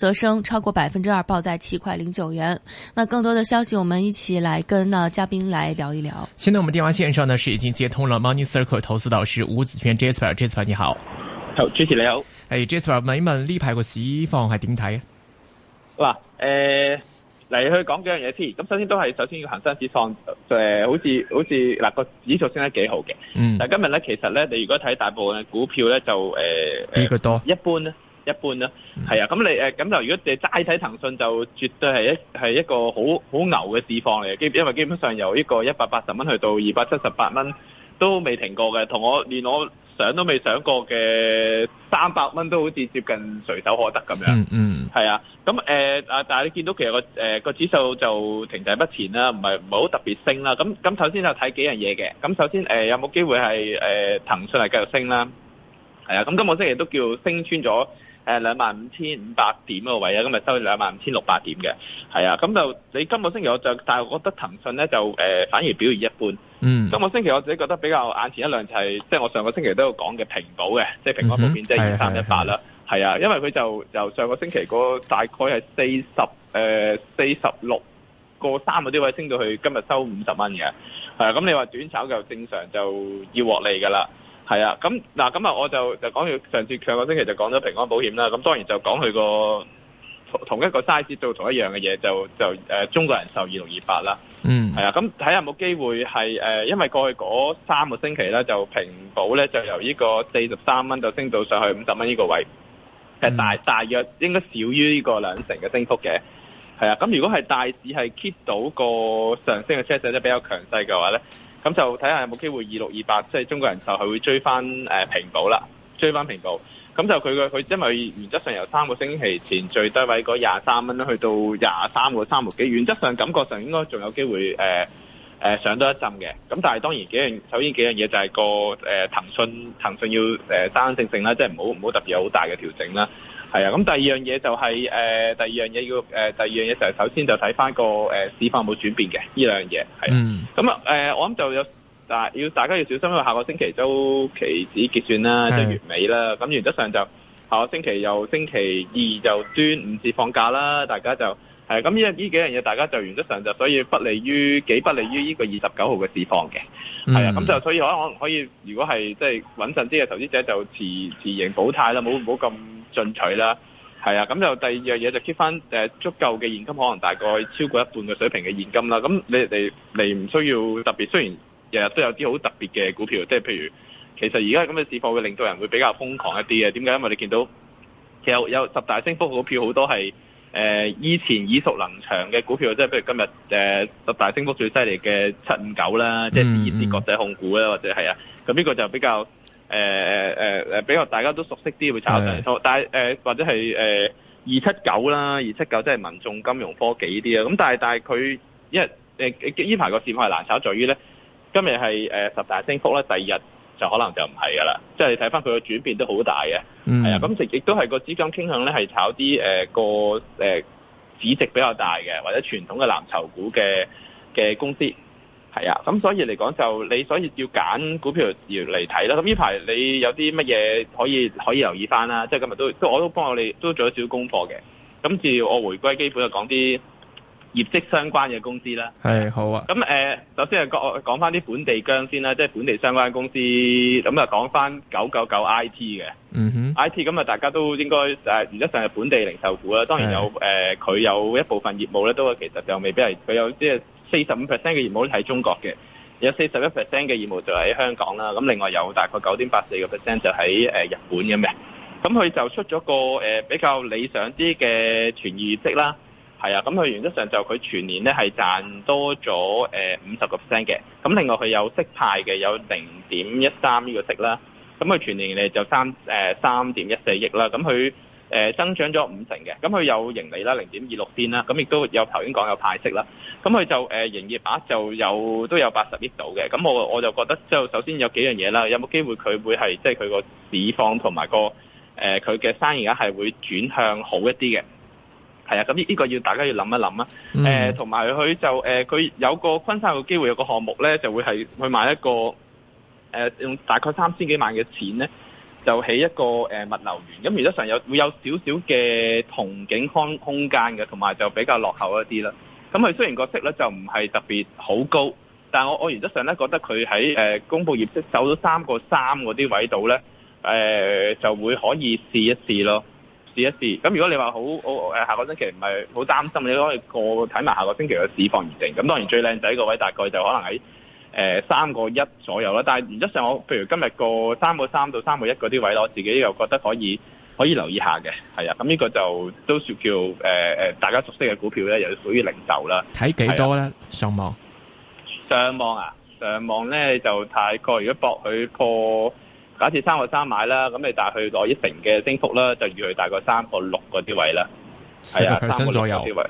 則升超過百分之二，報在七塊零九元。那更多的消息，我們一起來跟那嘉賓來聊一聊。現在我們電話線上呢是已經接通了 Money Circle 投資導師吳子軒 Jasper，Jasper 你好。好，主持你好。誒，Jasper，問一問呢排個市況係點睇？嗱，誒嚟去講幾樣嘢先。咁首先都係首先要行新市況，誒，好似好似嗱個指數升得幾好嘅。嗯。嗱，今日呢，其實呢，你如果睇大部分嘅股票呢，就誒比較多一般呢。一般啦，係啊，咁你誒咁就如果你齋睇騰訊就絕對係一係一個好好牛嘅市況嚟嘅，基因為基本上由呢個一百八十蚊去到二百七十八蚊都未停過嘅，同我連我想都未想過嘅三百蚊都好似接近隨手可得咁樣。嗯嗯，係啊，咁誒啊，但係你見到其實個誒個指數就停滯不前啦，唔係唔係好特別升啦。咁咁頭先就睇幾樣嘢嘅，咁首先誒有冇機會係誒騰訊係繼續升啦？係啊，咁今個星期都叫升穿咗。誒兩萬五千五百點個位今天收25，點是啊，今日收咗兩萬五千六百點嘅，係啊，咁就你今個星期我就，但係我覺得騰訊咧就誒、呃、反而表現一般，嗯，今個星期我自己覺得比較眼前一亮就係、是，即、就、係、是、我上個星期都有講嘅平保嘅，即係平安保險即係二三一八啦，係啊，因為佢就由上個星期嗰大概係四十誒四十六個三個啲位升到去今日收五十蚊嘅，係啊，咁、嗯、你話短炒就正常就要獲利噶啦。係啊，咁嗱，咁啊，我就就講佢上次上個星期就講咗平安保險啦，咁當然就講佢個同一個 size 做同一樣嘅嘢，就就、呃、中國人壽二六二八啦。嗯，係啊，咁睇下有冇機會係、呃、因為過去嗰三個星期咧，就平保咧就由呢個四十三蚊就升到上去五十蚊呢個位，係、嗯、大大約應該少於呢個兩成嘅升幅嘅。係啊，咁如果係大致係 keep 到個上升嘅趨勢，即比較強勢嘅話咧。咁就睇下有冇機會二六二八，即係中國人壽係會追翻、呃、平保啦，追翻平保。咁就佢嘅佢，因為原則上由三個星期前最低位嗰廿三蚊去到廿三個三個幾，原則上感覺上應該仲有機會、呃呃、上多一陣嘅。咁但係當然幾樣，首先幾樣嘢就係個誒、呃、騰訊，騰訊要、呃、單單淨淨啦，即係唔好唔好特別有好大嘅調整啦。係啊，咁第二樣嘢就係、是，誒、呃，第二樣嘢要，誒、呃，第二樣嘢就係首先就睇返個，誒、呃，市況有冇轉變嘅。呢兩樣嘢，係嗯咁啊、呃，我諗就有，大，要大家要小心，因為下個星期就期指結算啦，就月尾啦，咁原則上就下個星期又星期二就端午節放假啦，大家就。係，咁呢幾樣嘢，大家就原則上就所以不利於幾不利於呢個二十九號嘅市況嘅，係啊，咁就所以可可能可以，如果係即係穩陣啲嘅投資者就持持盈保泰啦，冇冇咁進取啦，係啊，咁就第二樣嘢就 keep 翻、呃、足夠嘅現金，可能大概超過一半嘅水平嘅現金啦。咁你哋你唔需要特別，雖然日日都有啲好特別嘅股票，即係譬如其實而家咁嘅市況會令到人會比較瘋狂一啲嘅，點解？因為你見到其實有十大升幅股票好多係。誒、呃、以前耳熟能詳嘅股票，即係譬如今日誒、呃、十大升幅最犀利嘅七五九啦，即係啲國際控股啦，嗯嗯，或者係啊，咁呢個就比較誒誒誒誒比較大家都熟悉啲會炒上是的 但係誒、呃、或者係誒二七九啦，二七九即係民眾金融科技呢啲啊。咁但係但係佢一誒呢排個市況係難炒，在於咧今日係誒十大升幅啦，第二日。就可能就唔係噶啦，即係你睇翻佢個轉變都好大嘅，係啊、嗯。咁亦亦都係個資金傾向咧，係炒啲個誒市值比較大嘅，或者傳統嘅藍籌股嘅嘅公司係啊。咁所以嚟講，就你所以要揀股票要嚟睇啦。咁呢排你有啲乜嘢可以可以留意翻啦？即係今日都都我都幫我哋都做咗少少功課嘅。咁至於我回歸基本，就講啲業績相關嘅公司啦，係好啊。咁誒、呃，首先係講講翻啲本地薑先啦，即係本地相關公司。咁啊，講翻九九九 I T 嘅，I T 咁啊，IT，就大家都應該誒，唔得上係本地零售股啦。當然有誒，佢是、呃、有一部分業務咧，都其實就未必係佢有即係四十五 percent 嘅業務咧喺中國嘅，有四十一 percent 嘅業務就喺香港啦。咁另外有大概九點八四個 percent 就喺誒、呃、日本咁樣。咁佢就出咗個誒、呃、比較理想啲嘅全年業績啦。係啊，咁佢原則上就佢全年咧係賺多咗誒五十個 percent 嘅，咁另外佢有息派嘅，有零點一三呢個息啦，咁佢全年呢就三誒三點一四億啦，咁佢誒增長咗五成嘅，咁佢有盈利啦零點二六先啦，咁亦都有頭先講有派息啦，咁佢就誒營業額就有都有八十億度嘅，咁我我就覺得就首先有幾樣嘢啦，有冇機會佢會係即係佢個市況同埋個佢嘅生意啊係會轉向好一啲嘅。係啊，咁呢呢個要大家要諗一諗啊。誒，同埋佢就誒，佢有個昆山嘅機會，有個項目咧，就會係去買一個誒，用大概三千幾萬嘅錢咧，就起一個誒物流園。咁原則上有會有少少嘅同景空空間嘅，同埋就比較落後一啲啦。咁佢雖然個息咧就唔係特別好高，但係我我原則上咧覺得佢喺誒公佈業績收咗三個三嗰啲位度咧，誒就會可以試一試咯。試一試，咁如果你話好，好誒下個星期唔係好擔心，你可以過睇埋下個星期嘅市況而定。咁當然最靚仔個位大概就可能喺誒三個一左右啦。但係原則上我，譬如今日個三個三到三個一嗰啲位咧，我自己又覺得可以可以留意下嘅。係啊，咁呢個就都算叫誒誒、呃、大家熟悉嘅股票咧，又屬於零售啦。睇幾多咧？上望上望啊，上望咧就大概如果博佢破，假設三個三買啦，咁你大去到一成嘅升幅啦，就預去大概三個六嗰啲位啦，係啊，三個六左右啲位，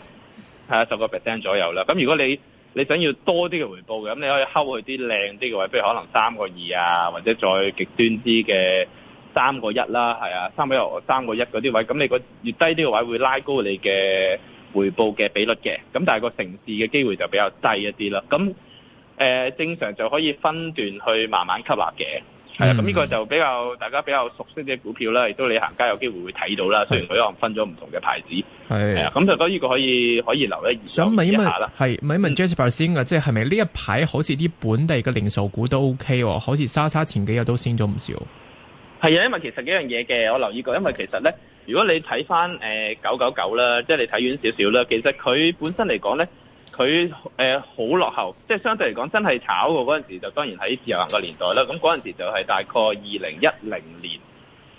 係啊，十個 percent 左右啦。咁如果你你想要多啲嘅回報嘅，咁你可以睺佢啲靚啲嘅位，比如可能三個二啊，或者再極端啲嘅三個一啦，係啊，三個一三個一嗰啲位，咁你個越低啲嘅位會拉高你嘅回報嘅比率嘅。咁但係個成事嘅機會就比較低一啲啦。咁、呃、正常就可以分段去慢慢吸納嘅。係啊，咁呢個就比較大家比較熟悉啲股票啦，亦都你行街有機會會睇到啦。雖然佢可能分咗唔同嘅牌子，係啊的，咁就覺得呢個可以可以留意想問一問啦，係問一問，問 Jasper 先㗎。嗯、即係係咪呢一排好似啲本地嘅零售股都 OK？好似莎莎前幾日都升咗唔少。係啊，因為其實幾樣嘢嘅，我留意過。因為其實咧，如果你睇翻誒九九九啦，即係你睇遠少少啦，其實佢本身嚟講咧。佢誒好落後，即係相對嚟講，真係炒過嗰陣時就當然喺自由行個年代啦。咁嗰陣時就係大概二零一零年，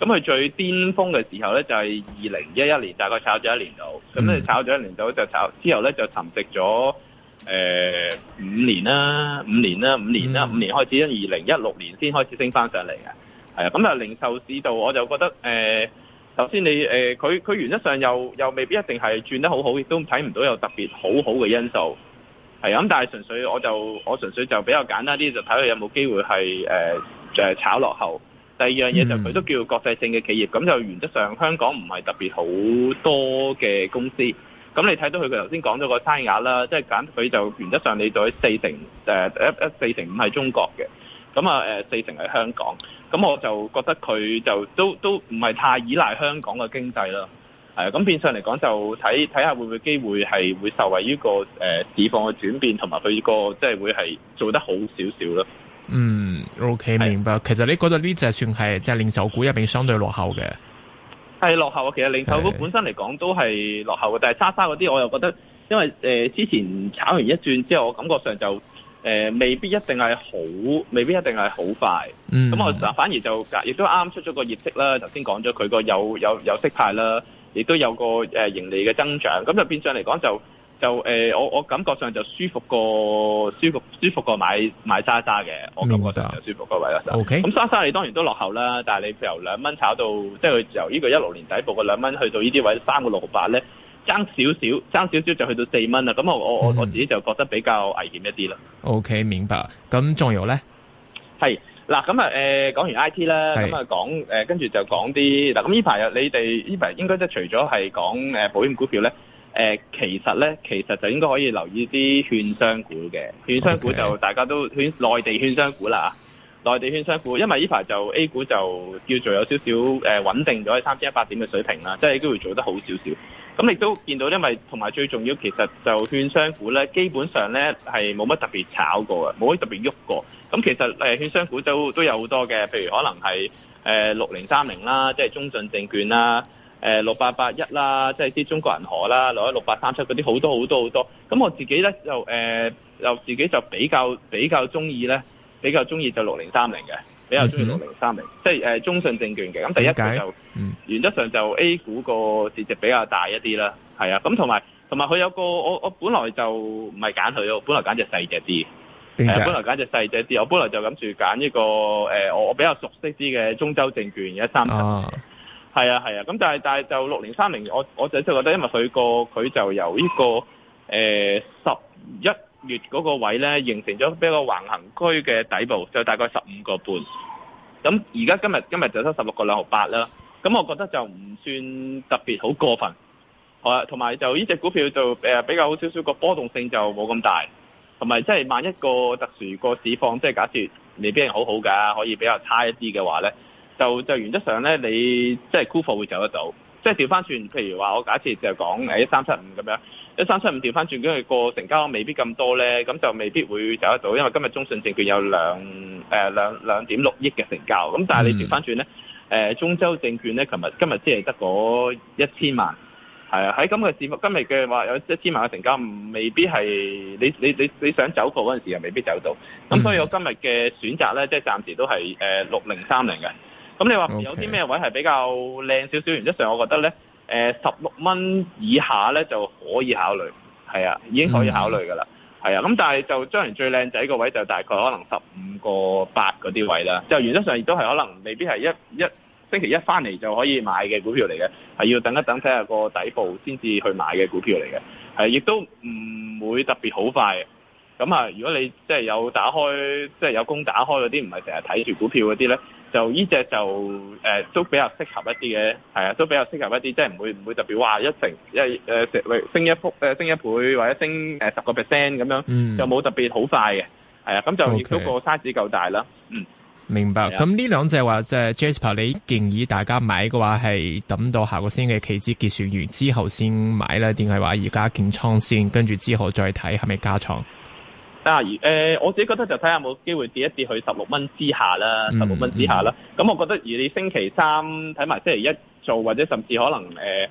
咁佢最巔峰嘅時候呢，就係二零一一年，大概炒咗一年度，咁咧、嗯、炒咗一年度就炒之後呢，就沉寂咗誒五年啦，五年啦，五年啦，嗯、五年開始，因二零一六年先開始升返上嚟嘅，係啊，咁啊零售市道，我就覺得誒。呃首先，剛才你誒佢佢原則上又又未必一定係轉得好好，亦都睇唔到有特別好好嘅因素，係咁。但係純粹我就我純粹就比較簡單啲，就睇佢有冇機會係誒、呃、炒落後。第二樣嘢就佢都叫國際性嘅企業，咁、嗯、就原則上香港唔係特別好多嘅公司。咁你睇到佢佢頭先講咗個差額啦，即係揀佢就原則上你喺四成、呃、四成五係中國嘅。咁啊、呃，四成喺香港，咁我就覺得佢就都都唔係太依賴香港嘅經濟啦。咁、呃、變相嚟講就睇睇下會唔會機會係會受惠於、這個誒、呃、市況嘅轉變，同埋佢個即係會係做得好少少咯。嗯，OK，是明白。其實你覺得呢隻算係即係零售股入邊相對落後嘅，係落後啊。其實零售股本身嚟講都係落後嘅，但係沙沙嗰啲我又覺得，因為、呃、之前炒完一轉之後，我感覺上就。誒、呃、未必一定係好，未必一定係好快。咁、嗯、我反而就，亦都啱出咗個業績啦。頭先講咗佢個有有有息派啦，亦都有個誒盈利嘅增長。咁就變相嚟講就就、呃、我我感覺上就舒服過舒服舒服過買買莎莎嘅。我感覺上就舒服個位啦。O K。咁莎莎你當然都落後啦，但係你由兩蚊炒到即係佢由呢個一六年底部個兩蚊去到呢啲位三個六百咧。爭少少，爭少少就去到四蚊啦。咁我我、嗯、我自己就覺得比較危險一啲啦。O、okay, K，明白。咁仲有咧？係嗱，咁啊，誒、呃，講完 I T 啦，咁啊是，講誒、呃，跟住就講啲嗱。咁呢排啊，你哋呢排應該即係除咗係講誒保險股票咧，誒、呃，其實咧，其實就應該可以留意啲券商股嘅。券商股就大家都券內 Okay. 地券商股啦，內地券商股，因為呢排就 A 股就叫做有少少誒穩、呃、定咗喺三千一百點嘅水平啦，即係都會做得好少少。咁亦都見到，因為同埋最重要，其實就券商股咧，基本上咧係冇乜特別炒過嘅，冇乜特別喐過。咁其實誒券商股都都有好多嘅，譬如可能係誒六零三零啦，即係中信證券啦，誒六八八一啦，即係啲中國銀河啦，六一六八三七嗰啲好多好多好多,多。咁我自己咧就誒，又自己就比較比較中意咧，比較中意就六零三零嘅。比較中意六零三零，即係誒、呃、中信證券嘅。咁第一個就，嗯、原則上就 A 股個市值比較大一啲啦。係啊，咁同埋同埋佢有個，我我本來就唔係揀佢咯，本來揀隻細隻啲。本來揀隻細隻啲，我本來就諗住揀呢個誒、呃，我比較熟悉啲嘅中州證券而家三零。哦，係啊係啊，咁、啊啊、但係但係就六零三零，我我就即係覺得，因為佢、這個佢就由呢、這個誒十一。呃11月嗰個位咧，形成咗比個橫行區嘅底部，就大概十五個半。咁而家今日今日就收十六個兩毫八啦。咁我覺得就唔算特別好過分。啊，同埋就呢隻股票就比較少少個波動性就冇咁大。同埋即係萬一個特殊個市況，即係假設未必係好好㗎，可以比較差一啲嘅話咧，就就原則上咧你即係沽貨會走得到。即係調翻轉，譬如話我假設就講誒三七五咁樣。一三七五調翻轉，因為個成交未必咁多呢。咁就未必會走得到，因為今日中信證券有兩誒兩兩點六億嘅成交，咁但係你調翻轉呢，誒、呃、中州證券呢，琴日今日只係得嗰一千萬，係啊，喺咁嘅市況，今日嘅話有一千萬嘅成交，未必係你你你，你想走貨嗰陣時又未必走到，咁所以我今日嘅選擇呢，即係暫時都係誒六零三零嘅。咁、呃、你話有啲咩位係比較靚少少？原則上，我覺得呢。誒十六蚊以下咧，就可以考慮，係啊，已經可以考慮㗎啦，係、嗯、啊，咁但係就將來最靚仔個位就大概可能十五個八嗰啲位啦，就原則上亦都係可能未必係一一星期一翻嚟就可以買嘅股票嚟嘅，係要等一等睇下個底部先至去買嘅股票嚟嘅，係亦都唔會特別好快。咁啊，如果你即係、就是、有打開，即、就、係、是、有工打開嗰啲，唔係成日睇住股票嗰啲咧。就呢隻就誒都比較適合一啲嘅，係、呃、啊，都比較適合一啲，即係唔會唔會特別話一成一誒成、呃、升一幅、呃、升一倍或者升十個 percent 咁樣，嗯、就冇特別好快嘅，係啊，咁就亦都個 size 夠大啦。嗯，嗯嗯，明白。咁呢的兩隻話即係、就是、Jasper，你建議大家買嘅話係等到下個星期期指結算完之後先買啦定係話而家建倉先，跟住之後再睇係咪加倉？啊、呃！我自己覺得就睇下有冇機會跌一跌去十六蚊之下啦，十六蚊之下啦。咁、嗯嗯嗯、我覺得而你星期三睇埋星期一做，或者甚至可能誒、呃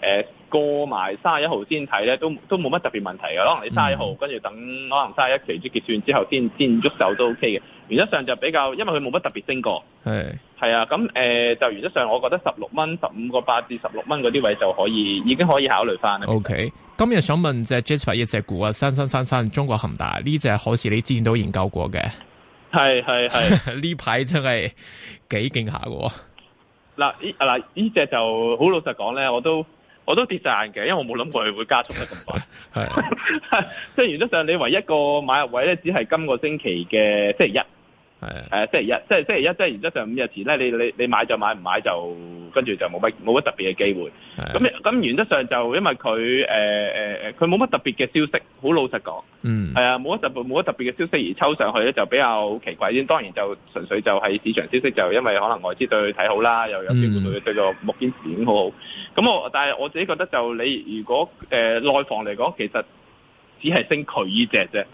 呃、過埋三十一號先睇咧，都都冇乜特別問題嘅。可能你三十一號、嗯、跟住等，可能三十一期先結算之後先先喐手都 OK 嘅。原則上就比較，因為佢冇乜特別升過。係係啊，咁、誒、呃，就原則上我覺得十六蚊，十五個八至十六蚊嗰啲位就可以，已經可以考慮翻啦。OK，實今日想問隻 Jasper 一隻股啊，新新新新中國恒大呢隻，隻好似你之前都研究過嘅。係係係，呢排 真係幾勁下喎。嗱嗱呢隻就好老實講咧，我都。我都跌晒眼嘅，因為我冇諗過佢會加速得咁快。即係 係 原則上，你唯一一個買入位咧，只係今個星期嘅星期一。係是、呃、星，星期一，即係星期一，即係原則上五日前咧，你你你買就買，唔買，買就跟住就冇乜冇乜特別嘅機會。咁咁是的、嗯、原則上就因為佢誒誒誒，佢冇乜特別嘅消息，好老實講，嗯，係啊，冇乜特冇乜特別嘅消息而抽上去咧，就比較奇怪。當然就純粹就係市場消息，就因為可能外資對佢睇好啦，又有啲對佢叫做目標市已經好好。咁、嗯、我但係我自己覺得就你如果誒、呃、內房嚟講，其實只係升佢呢隻啫。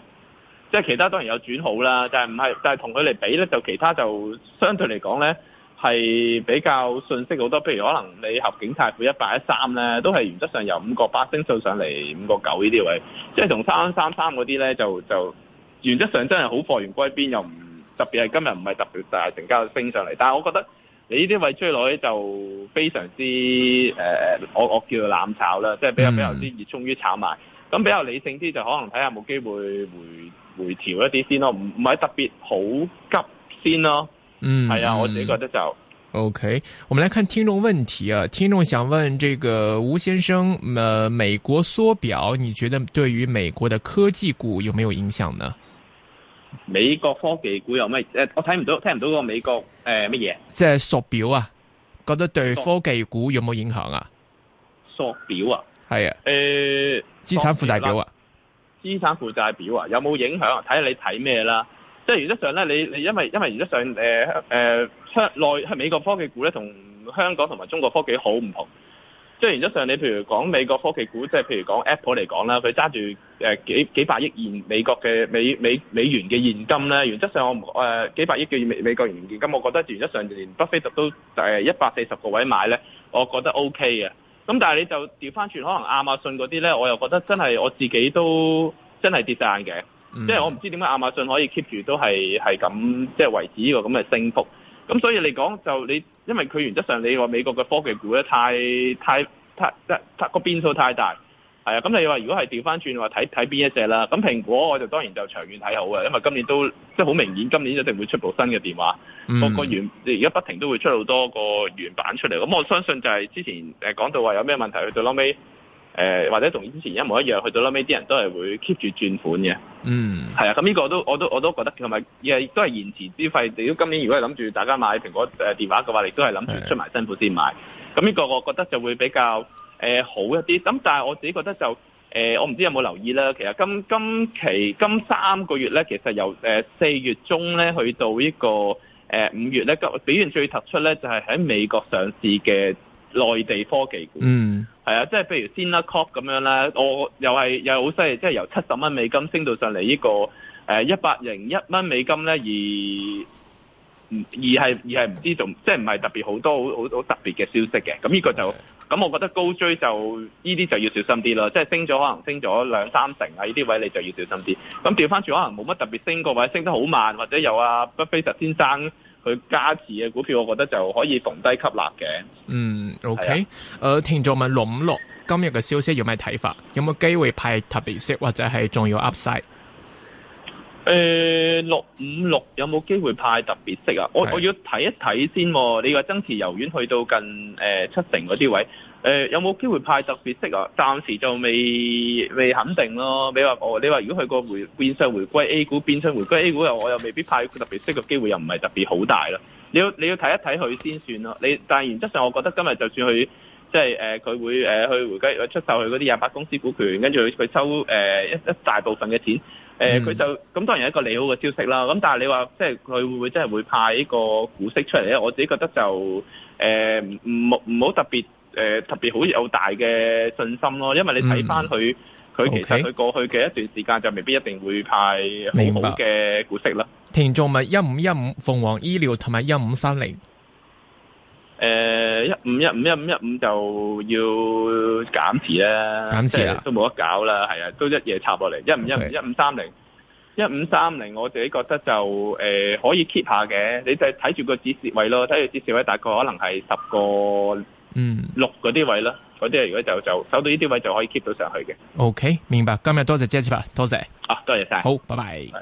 即係其他當然有轉好啦，但係唔係，但係同佢哋比咧，就其他就相對嚟講咧，係比較信息好多。譬如可能你合景泰富一八一三咧，都係原則上由五個八升數上嚟五個九呢啲位，即係從三三三嗰啲咧就就原則上真係好貨源歸邊，又唔特別係今日唔係特別大成交升上嚟。但係我覺得你呢啲位追落去就非常之誒、呃，我我叫做濫炒啦，即係比較比較之熱衷於炒賣，咁比較理性啲就可能睇下有冇機會回。回調一啲先咯，唔唔係特別好急先咯。嗯，係啊，我自己覺得就 OK。我們來看聽眾問題啊，聽眾想問這個吳先生，誒、嗯，美國縮表，你覺得對於美國的科技股有沒有影響呢？美國科技股有咩、呃？我睇唔到，聽唔到嗰個美國誒乜嘢？即係縮表啊？覺得對科技股有冇影響啊？縮表啊？係啊？誒、呃，資產負債表啊？資產負債表啊，有冇影響啊？睇下你睇咩啦。即係原則上咧，你你因為因為原則上誒誒、呃、內係美國科技股咧，同香港同埋中國科技好唔同。即係原則上，你譬如講美國科技股，即係譬如講 App 來講 Apple 嚟講啦，佢揸住誒幾幾百億現美國嘅美美美元嘅現金咧。原則上我誒、呃、幾百億叫美美國現金，我覺得原則上連巴菲特都誒一百四十個位買咧，我覺得 O K 嘅。咁、嗯、但係你就調翻轉，可能亞馬遜嗰啲咧，我又覺得真係我自己都真係跌曬眼嘅，即係、嗯、我唔知點解亞馬遜可以 keep 住都係係咁即係維持呢個咁嘅升幅。咁所以嚟講就你，因為佢原則上你話美國嘅科技股咧，太、太、太、太個變數太大。啊，咁、嗯、你話如果係調翻轉話睇睇邊一隻啦？咁蘋果我就當然就長遠睇好嘅，因為今年都即係好明顯，今年一定會出部新嘅電話，個、嗯、個原而家不停都會出好多個原版出嚟。咁我相信就係之前講、呃、到話有咩問題，去到後尾誒、呃、或者同之前一模一樣，去到後尾啲人都係會 keep 住轉款嘅。嗯，係啊，咁呢個都我都我都，我都覺得，同埋亦都係延遲消費。如果今年如果係諗住大家買蘋果、呃、電話嘅話，亦都係諗住出埋辛苦先買。咁呢、嗯、個我覺得就會比較。誒、呃、好一啲，咁但係我自己覺得就誒、呃，我唔知有冇留意啦。其實今今期今三個月咧，其實由呃、四月中咧去到、這個呃、呢個誒五月咧，今表現最突出咧就係、是、喺美國上市嘅內地科技股。嗯，係啊，即係譬如先啦，Cop 咁樣啦，我又係又好犀利，即係由七十蚊美金升到上嚟呢、這個誒一百零一蚊美金咧而。而係而係唔知仲即係唔係特別好多好好好特別嘅消息嘅。咁呢個就咁我覺得高追就呢啲就要小心啲咯，即係升咗可能升咗兩三成啊，呢啲位你就要小心啲。咁調翻轉可能冇乜特別升個位，或者升得好慢，或者有阿、啊、巴菲特先生佢加持嘅股票，我覺得就可以逢低吸納嘅。嗯，OK，誒、啊呃，聽眾問六五六今日嘅消息有咩睇法？有冇機會派特別息或者係仲有 Upside？誒、欸、六五六有冇機會派特別息啊？我我要睇一睇先、啊。你話增持由遠去到近、呃、七成嗰啲位，呃、有冇機會派特別息啊？暫時就未未肯定咯。你話我，你話如果佢個回變相回歸 A 股，變相回歸 A 股又我又未必派特別息嘅機會又唔係特別好大咯。你要你要睇一睇佢先算咯、啊。你但係原則上，我覺得今日就算佢即係佢會去、呃、回歸，出售佢嗰啲廿八公司股權，跟住佢佢收、呃、一一大部分嘅錢。誒佢、嗯、就咁，當然係一個利好嘅消息啦。咁但係你話，即係佢會唔會真係會派呢個股息出嚟咧？我自己覺得就誒唔冇唔好特別誒、呃、特別好有大嘅信心咯。因為你睇翻佢，佢、嗯 okay? 其實佢過去嘅一段時間就未必一定會派好嘅股息啦。田中咪一五一五，15 15, 鳳凰醫療同埋一五三零。誒，一五一五一五一五就要減持啦，減持啊，都冇得搞啦，係啊，都一夜插落嚟，一五一五一五三零，一五三零，我自己覺得就誒、呃、可以 keep 下嘅，你就睇住個指示位咯，睇住指示位大概可能係十個，嗯六嗰啲位啦，嗰啲如果就就守到呢啲位就可以 keep 到上去嘅。OK，明白，今日多謝 Jasper 多謝，啊多謝晒，好，拜拜。拜拜。